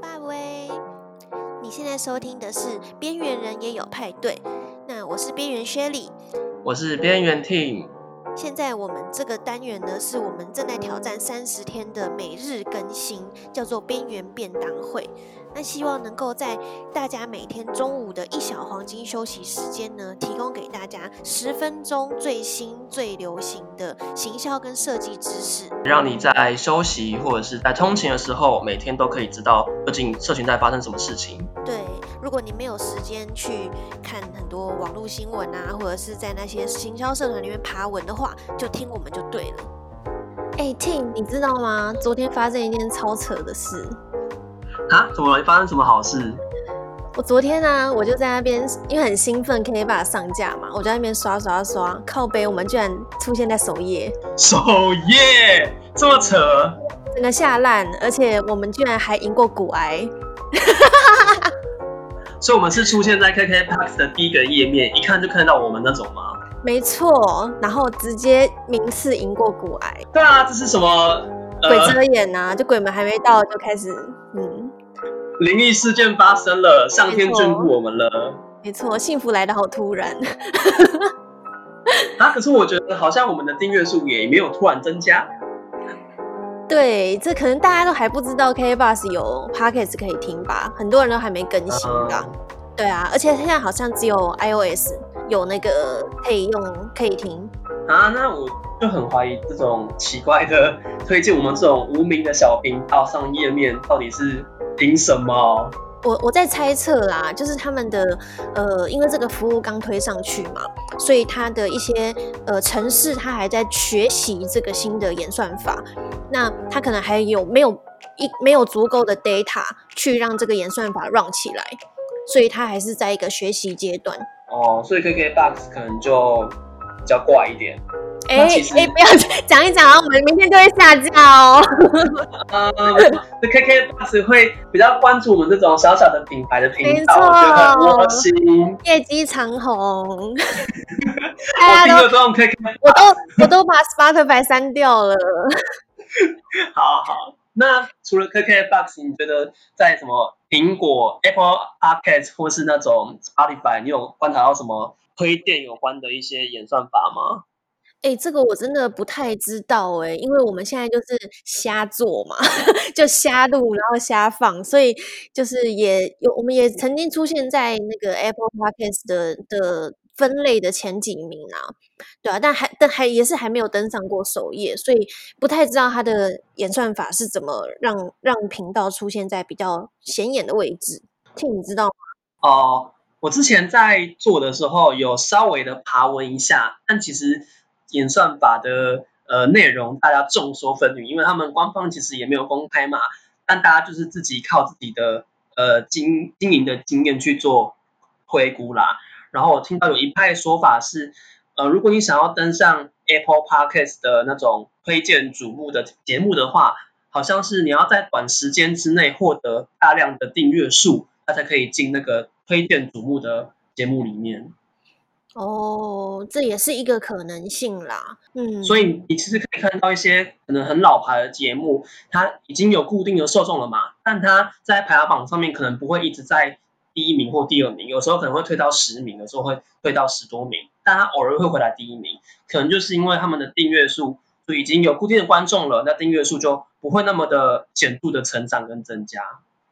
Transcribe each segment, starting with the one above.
爸威，你現在收聽的是《邊緣人也有派對》，那我是邊緣 Sherry，我是邊緣 Tim。現在我們這個單元呢，是我們正在挑戰三十天的每日更新，叫做“邊緣便當會”啊。那希望能夠在大家每天中午的一小黃金休息時間呢，提供給大家十分鐘最新最流行的行銷跟設計知識，讓你在休息或者是在通勤的時候，每天都可以知道究竟社群在發生什麼事情。對。如果你沒有時間去看很多網絡新聞啊，或者是在那些行銷社團裡面爬文的話，就聽我們就對了。哎、欸、Tim 你知道嗎？昨天發生一件超扯的事。啊？怎麼發生什麼好事？我昨天呢、啊，我就在那邊，因為很興奮可以把它上架嘛，我在那邊刷，刷刷刷。靠背，我們居然出現在首頁。首頁、so yeah, 這麼扯？整個下爛，而且我們居然還贏過股癌。 所以我們是出現在 KKBOX 的第一個頁面，一看就看到我們那種嗎？沒錯，然後直接名次贏過骨癌。對啊，這是什麼、呃、鬼遮眼啊？就鬼門還沒到就開始，嗯，靈異事件發生了，上天眷顧我們了。沒錯，幸福來的好突然。 啊，可是我覺得好像我們的訂閱數也沒有突然增加。對，這可能大家都還不知道，KKBOX 有 Podcast 可以聽吧？很多人都還沒更新的。啊對啊，而且現在好像只有 iOS 有那個可以用，可以聽。啊，那我就很懷疑這種奇怪的推薦，我們這種無名的小兵到上頁面到底是憑什麼、哦？我？我我在猜測啦，就是他們的呃，因為這個服務剛推上去嘛。所以他的一些呃程式，他還在學習這個新的演算法，那他可能還有沒有一沒有足夠的 data 去讓這個演算法 run 起來，所以他還是在一個學習階段。哦，所以 KKBOX 可能就比較怪一點。哎哎、欸欸欸，不要講一講我們明天就會下架哦。嗯、呃，這 KK b o x 會比較關注我們這種小小的品牌的品牌，就很關心業績長虹。 都我也有我都我都把 Sparta 白刪掉了。好好，那除了 KK b o x 你覺得在什麼蘋果 Apple Arcade 或是那種 s p o t i f y 你有觀察到什麼推薦有關的一些演算法嗎？哎、欸，這個我真的不太知道哎、欸，因為我們現在就是瞎做嘛，呵呵，就瞎錄然後瞎放，所以就是也有我們也曾經出現在那個 Apple Podcast 的的分類的前幾名啊，對啊，但還但還也是還沒有登上過首頁，所以不太知道它的演算法是怎麼讓讓頻道出現在比較顯眼的位置。Tim，你知道嗎？哦、呃，我之前在做的時候有稍微的爬文一下，但其實。演算法的呃內容，大家眾說紛紜，因為他們官方其實也沒有公開嘛，但大家就是自己靠自己的呃經經營的經驗去做推估啦。然後我聽到有一派說法是，呃，如果你想要登上 Apple Podcast 的那種推薦矚目的節目的話，好像是你要在短時間之內獲得大量的訂閱數，才可以進那個推薦矚目的節目裡面。哦，oh, 這也是一個可能性啦。嗯，所以你其實可以看到一些可能很老牌的節目，它已經有固定的受眾了嘛。但它在排行榜上面可能不會一直在第一名或第二名，有時候可能會退到十名，有時候會退到十多名，但它偶爾會回來第一名，可能就是因為他們的訂閱數就已經有固定的觀眾了，那訂閱數就不會那麼的顯著的成長跟增加。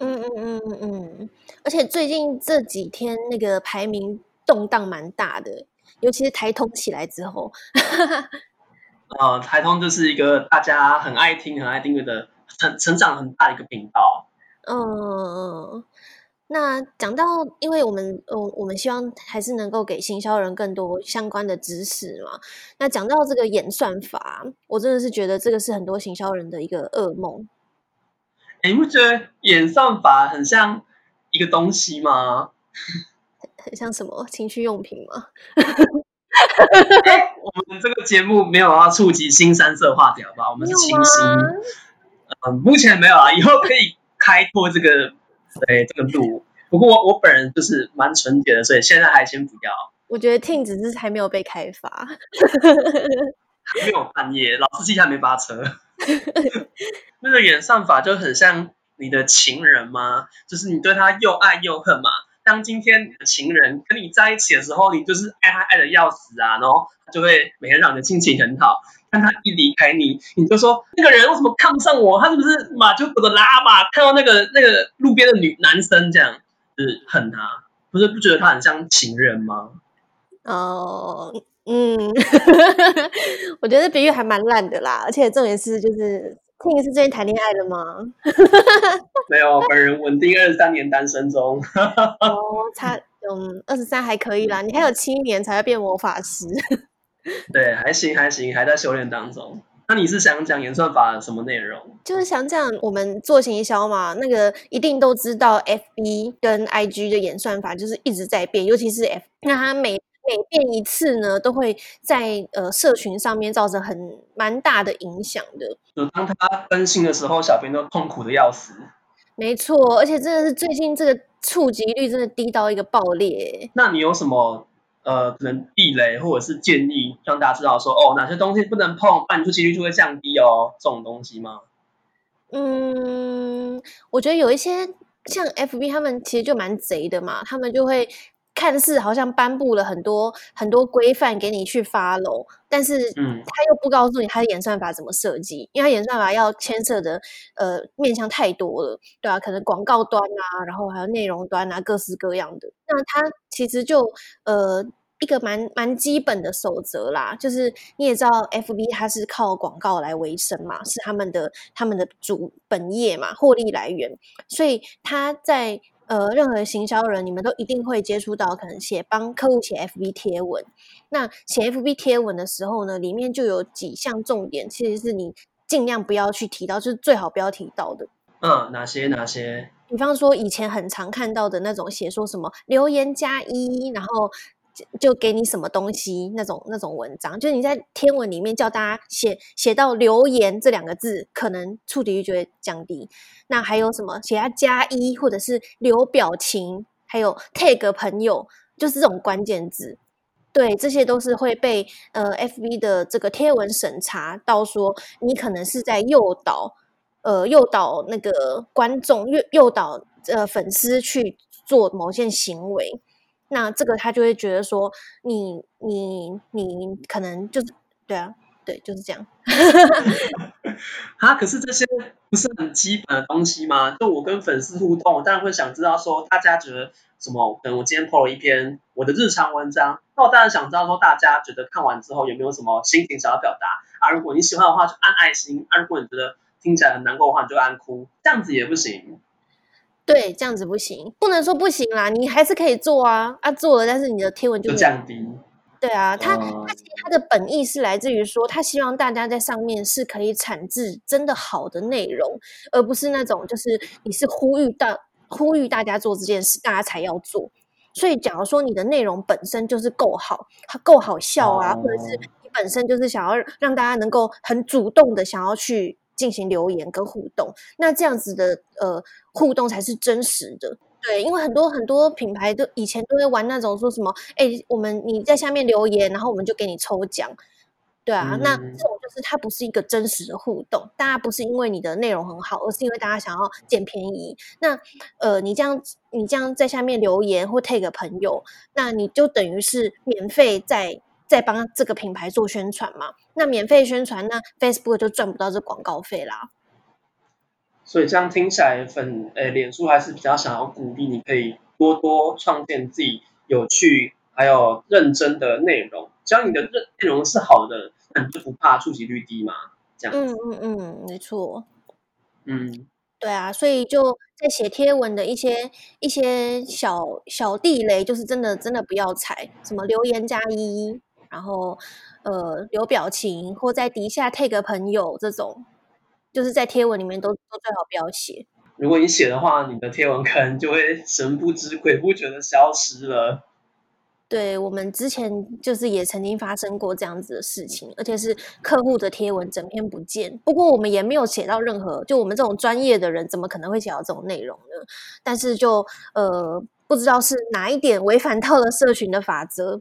嗯嗯嗯嗯，而且最近這幾天那個排名。動盪蠻大的，尤其是台通起來之後。呵呵，呃，台通就是一個大家很愛聽、很愛聽的、成成長很大的一個頻道。嗯，那講到，因為我們，我、嗯、我們希望還是能夠給行銷人更多相關的知識嘛。那講到這個演算法，我真的是覺得這個是很多行銷人的一個噩夢。欸、你不覺得演算法很像一個東西嗎？很像什麼情趣用品嗎？ 欸？我們這個節目沒有要觸及新三色話題好不好？我們是清新嗎、嗯，目前沒有啊，以後可以開拓這個， 這個路。不過我本人就是蠻純潔的，所以現在還先不要。我覺得 t 只是還沒有被開發， 還沒有半夜，老司機還沒發車。 那個演算法就很像你的情人嗎？就是你對他又愛又恨嘛。當今天你的情人跟你在一起的時候，你就是愛他愛得要死啊，然後就會每天讓你的心情很好。但他一離開你，你就說那個人為什麼看不上我？他是不是馬修博的拉巴？看到那個那個路邊的女男生這樣，就是恨他。啊，不是不覺得他很像情人嗎？哦，嗯， 我覺得比喻還蠻爛的啦，而且重點是就是。你是最近談戀愛了嗎？ 沒有，本人穩定二十三年單身中。 哦，嗯，二十三還可以啦，嗯、你還有七年才會變魔法師。對，還行還行，還在修煉當中。那你是想講演算法什麼內容？就是想講我們做行銷嘛，那個一定都知道，F B 跟 I G 的演算法就是一直在變，尤其是 FB，那它每每變一次呢，都會在呃社群上面造成很蠻大的影響的。就當他更新的時候，小編都痛苦的要死。沒錯，而且真的是最近這個觸及率真的低到一個爆裂。那你有什麼呃可能避雷或者是建議讓大家知道說哦哪些東西不能碰，不然觸及率就會降低哦這種東西嗎？嗯，我覺得有一些像 FB 他們其實就蠻賊的嘛，他們就會。看似好像頒布了很多很多規範給你去 follow，但是他又不告訴你他的演算法，怎麼設計，因為他演算法要牽涉的呃面向太多了，對吧、啊？可能廣告端啊，然後還有內容端啊，各式各樣的。那他其實就呃一個蠻蠻基本的守則啦，就是你也知道，FB 它是靠廣告來維生嘛，是他們的他們的主本業嘛，獲利來源，所以他在。呃，任何行銷人，你們都一定會接觸到，可能寫幫客戶寫 FB 貼文。那寫 FB 貼文的時候呢，裡面就有幾項重點，其實是你盡量不要去提到，就是最好不要提到的。嗯，哪些？哪些？比方說，以前很常看到的那種寫說什麼留言加一，1, 然後。就給你什麼東西那種那種文章，就是你在貼文裡面叫大家寫寫到留言這兩個字，可能觸及率就會降低。那還有什麼？寫下加一，1, 或者是留表情，還有 tag 朋友，就是這種關鍵字。對，這些都是會被呃 FB 的這個貼文審查到，說你可能是在誘導呃誘導那個觀眾誘誘導呃粉絲去做某件行為。那這個他就會覺得說，你你你可能就是對啊對，就是這樣哈、 啊，可是這些不是很基本的東西嗎？就我跟粉絲互動，我當然會想知道說大家覺得什麼？可能我今天 po 了一篇我的日常文章，那我當然想知道說大家覺得看完之後有沒有什麼心情想要表達啊？如果你喜歡的話就按愛心，啊如果你覺得聽起來很難過的話，你就按哭，這樣子也不行。對，這樣子不行，不能說不行啦，你還是可以做啊啊，做了，但是你的貼文就，就降低。對啊，他他其實他的本意是來自於說，呃、他希望大家在上面是可以產製真的好的內容，而不是那種就是你是呼籲大呼籲大家做這件事，大家才要做。所以，假如說你的內容本身就是夠好，它夠好笑啊，呃、或者是你本身就是想要讓大家能夠很主動的想要去。進行留言跟互動，那這樣子的呃互動才是真實的，對，因為很多很多品牌都以前都會玩那種說什麼，哎、欸，我們你在下面留言，然後我們就給你抽獎，對啊，嗯、那這種就是它不是一個真實的互動，大家不是因為你的內容很好，而是因為大家想要撿便宜。那呃，你這樣你這樣在下面留言或 tag 朋友，那你就等於是免費在。在幫這個品牌做宣傳嘛，那免費宣傳，那 Facebook 就賺不到這廣告費啦。所以這樣聽起來粉，粉、欸、誒，臉書還是比較想要鼓勵，你可以多多創建自己有趣還有認真的內容。只要你的內容是好的，那你就不怕觸及率低嘛？這樣，嗯嗯嗯，沒錯。嗯，對啊，所以就在寫貼文的一些一些小小地雷，就是真的真的不要踩，什麼留言加一。1, 然後，呃，有表情或在底下 tag 朋友這種，就是在貼文裡面都都最好不要寫。如果你寫的話，你的貼文可能就會神不知鬼不覺地消失了。對，我們之前就是也曾經發生過這樣子的事情，而且是客戶的貼文整篇不見。不過我們也沒有寫到任何，就我們這種專業的人怎麼可能會寫到這種內容呢？但是就呃，不知道是哪一點違反到了社群的法則。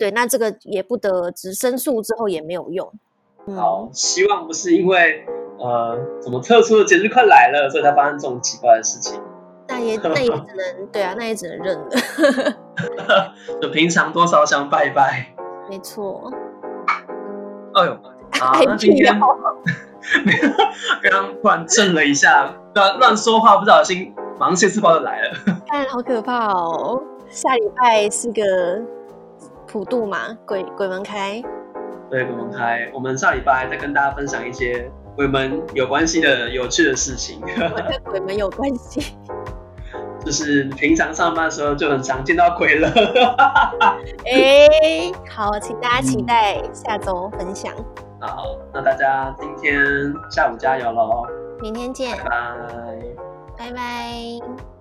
對，那這個也不得只申訴之後也沒有用。好，嗯、希望不是因為呃什麼特殊的節日快來了，所以才發生這種奇怪的事情。那也那也只能 對啊，那也只能認了。 就平常多少想拜拜，沒錯錯。哎呦，嗯、啊，那今天剛剛 突然震了一下，亂亂、啊、說話不小心，馬上謝師炮就來了。哎，好可怕哦！下禮拜是個。普渡嘛，鬼鬼門開。對，鬼門開。我們下禮拜再跟大家分享一些鬼門有關係的有趣的事情。我們跟鬼門有關係。就是平常上班的時候就很常見到鬼了。哎、 欸，好，請大家期待、嗯、下周分享。好，那大家今天下午加油嘍！明天見，拜拜 bye，拜拜。